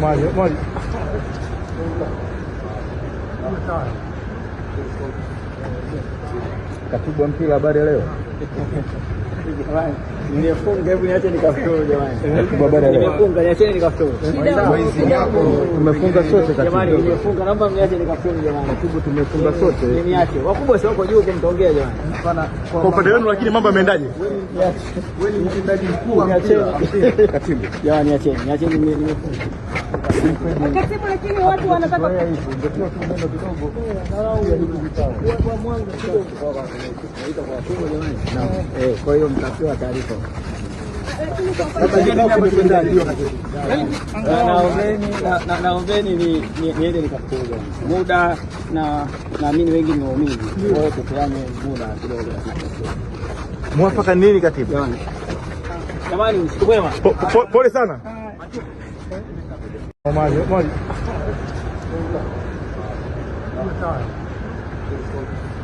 Mario, Mario. Katibu mpira, habari leo. Nimefunga, niache jamani. leo. Nimefunga, Tumefunga sote katibu. Jamani, nimefunga, jamani. Katibu, tumefunga sote. Niache. Wakubwa sio wako juu jamani. Kwa upande wenu lakini mambo yameendaje? Wewe ni mtendaji mkuu Katibu. Jamani, niacheni. Niacheni nimefunga kwa hiyo mtapewa taarifa. Naombeni niende nikapoteza muda na naamini wengi ni waumini, tupeane muda kidogo. Mwafaka nini katibu? Jamani, usiku mwema, pole sana. Normal yok. Normal.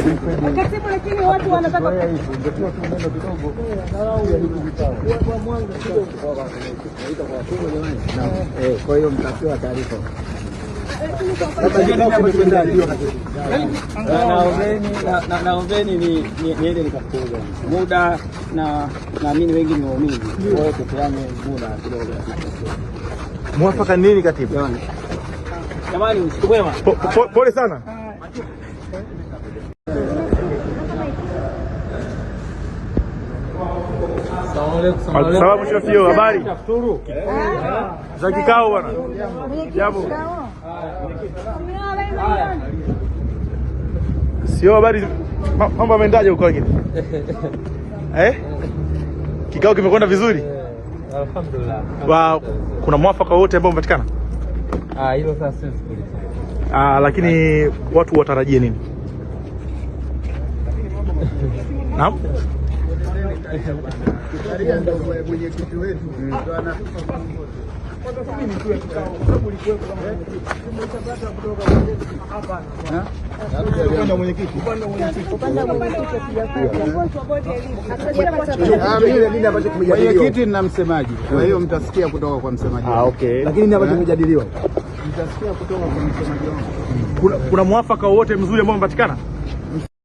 Katibu, lakini watu wanataka kwa hiyo mtapewa taarifa. Naombeni niende nikafukuza muda, na naamini wengi ni waumini, kwa hiyo tupeane muda kidogo. Mwafaka nini katibu? Jamani, usiku mwema, pole sana. Ah. Salamu Shafio, habari za kikao bwana? Jambo. Sio habari, mambo yameendaje huko wengine? Eh? Kikao kimekwenda vizuri? Eh, alhamdulillah. Wa kuna mwafaka wote ambao umepatikana? Ah, hilo sasa siwezi kulita. Ah, lakini watu watarajie nini? Naam. Karia ndio mwenyekiti wetu ndio anatupa Mwenyekiti na msemaji, kwa hiyo mtasikia kutoka kwa msemaji, ah, lakini nini ambacho kimejadiliwa mtasikia kutoka kwa msemaji wangu. Kuna mwafaka wowote mzuri ambao umepatikana?